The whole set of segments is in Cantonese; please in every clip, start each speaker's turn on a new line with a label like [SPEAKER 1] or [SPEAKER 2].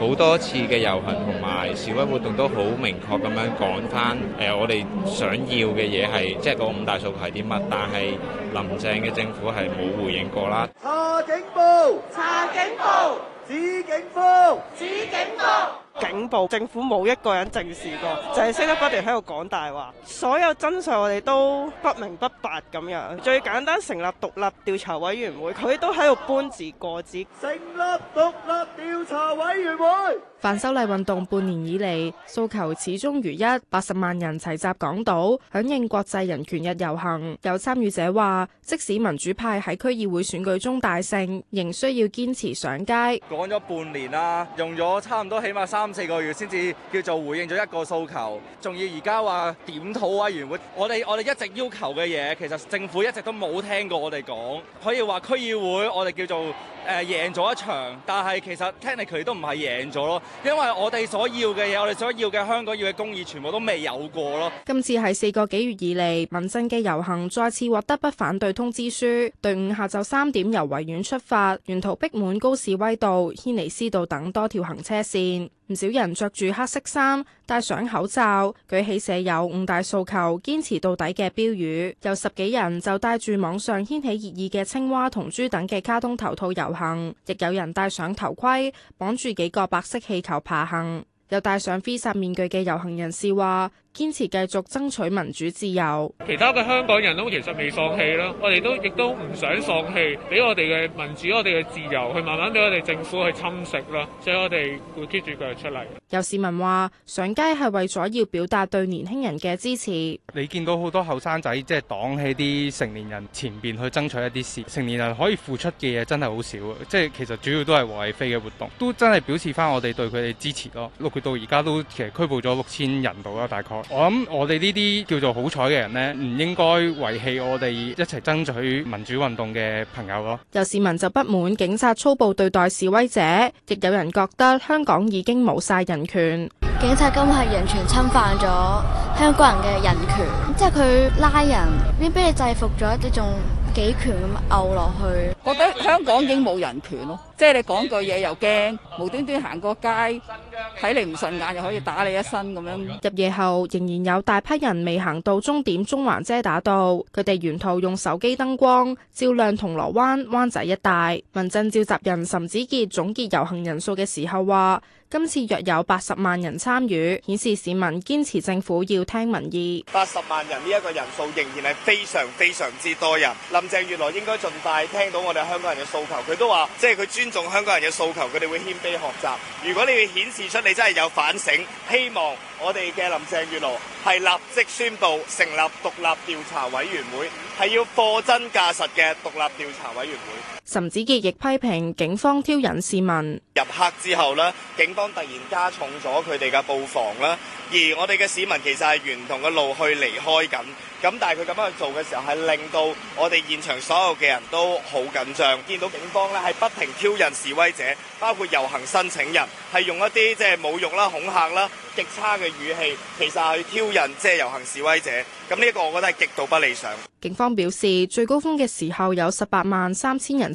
[SPEAKER 1] 好多次嘅遊行同埋示威活動都好明確咁樣講翻，誒、呃、我哋想要嘅嘢係即係個五大訴求係啲乜，但係林鄭嘅政府係冇回應過啦。
[SPEAKER 2] 查警暴，查警暴，止警謊，止警謊。警報，政府冇一個人正視過， 就係識得不斷喺度講大話。 所有真相我哋都不明不白咁樣。最簡單成立獨立調查委員會，佢都喺度搬字過字。成立獨立調查委員會。反修例運動半年以嚟，訴求始終如一。八十萬人齊集港島，響應國際人權日遊行。有參與者話：即使民主派喺區議會選舉中大勝，仍需要堅持上街。
[SPEAKER 1] 講咗半年啦，用咗差唔多，起碼三四個月先至叫做回應咗一個訴求，仲要而家話點討委員會。我哋我哋一直要求嘅嘢，其實政府一直都冇聽過我哋講。可以話區議會我哋叫做誒贏咗一場，但係其實聽嚟佢都唔係贏咗咯，因為我哋所要嘅嘢，我哋所要嘅香港要嘅公義，全部都未有過咯。
[SPEAKER 2] 今次係四個幾月以嚟，民陣嘅遊行再次獲得不反對通知書，隊伍下晝三點由維園出發，沿途逼滿高士威道、軒尼詩道等多條行車線。唔少人着住黑色衫，戴上口罩，舉起寫有五大訴求、堅持到底嘅標語。有十幾人就戴住網上掀起熱議嘅青蛙同豬等嘅卡通頭套遊行，亦有人戴上頭盔，綁住幾個白色氣球爬行。有戴上 V 煞面具嘅遊行人士話。堅持繼續爭取民主自由，其他
[SPEAKER 1] 嘅香港人都其實未放棄啦，我哋都亦都唔想放棄，俾我哋嘅民主，我哋嘅自由，去慢慢俾我哋政府去侵蝕啦。所以我哋會 keep 住腳出嚟。
[SPEAKER 2] 有市民話：上街係為咗要表達對年輕人嘅支持。你見到好多後生仔
[SPEAKER 1] 即係擋喺啲成年人前面去爭取一啲事，成年人可以付出嘅嘢真係好少，即係其實主要都係和理非嘅活動，都真係表示返我哋對佢哋支持咯。六月到而家都其實拘捕咗六千人度啦，大概。我諗我哋呢啲叫做好彩嘅人呢，唔應該遺棄我哋一齊爭取民主運動嘅朋友咯。
[SPEAKER 2] 有市民就不滿警察粗暴對待示威者，亦有人覺得香港已經冇晒人權。警察今次人權侵犯咗香港人嘅人權。 即係佢拉人，已經俾你制服咗，你仲幾拳咁毆落去， 覺得香港已經冇人權咯。即係你講句嘢又驚，無端端行過街睇你唔順眼又可以打你一身咁樣。入夜後仍然有大批人未行到終點，中環遮打道，佢哋沿途用手機燈光照亮銅鑼灣灣仔一帶。民陣召集人岑子傑總結遊行人數嘅時候話：今次約有八十萬人參與，顯示市民堅持政府要聽民意。
[SPEAKER 1] 八十萬人呢一個人數仍然係非常非常之多人。林鄭月娥應該盡快聽到我哋香港人嘅訴求。佢都話即係佢專。重香港人嘅訴求，佢哋會謙卑學習。如果你要顯示出你真係有反省，希望我哋嘅林鄭月娥係立即宣布成立獨立調查委員會，係要貨真價實嘅獨立調查委員會。
[SPEAKER 2] 岑子杰亦批評警方挑釁市民。
[SPEAKER 1] 入黑之後咧，警方突然加重咗佢哋嘅布防啦，而我哋嘅市民其實係沿同嘅路去離開緊，咁但係佢咁樣去做嘅時候，係令到我哋現場所有嘅人都好緊張。見到警方咧係不停挑釁示威者，包括遊行申請人，係用一啲即係侮辱啦、恐嚇啦、極差嘅語氣，其實係挑釁即係遊行示威者。咁呢一個我覺得係極度不理想。
[SPEAKER 2] 警方表示，最高峰嘅時候有十八萬三千人，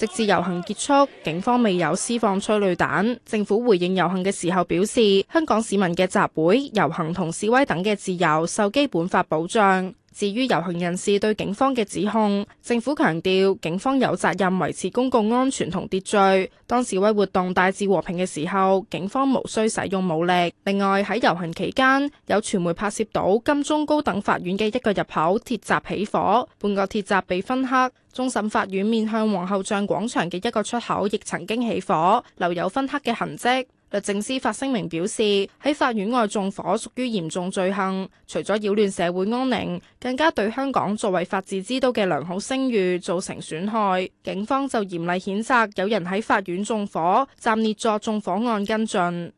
[SPEAKER 2] 直至遊行結束，警方未有施放催淚彈。政府回應遊行嘅時候表示，香港市民嘅集會、遊行同示威等嘅自由受基本法保障。至於遊行人士對警方嘅指控，政府強調警方有責任維持公共安全同秩序。當示威活動大致和平嘅時候，警方無需使用武力。另外喺遊行期間，有傳媒拍攝到金鐘高等法院嘅一個入口鐵閘起火，半個鐵閘被分黑；終審法院面向皇后像廣場嘅一個出口亦曾經起火，留有分黑嘅痕跡。律政司發聲明表示，喺法院外縱火屬於嚴重罪行，除咗擾亂社會安寧，更加對香港作為法治之都嘅良好聲譽造成損害。警方就嚴厲譴責有人喺法院縱火，暫列作縱火案跟進。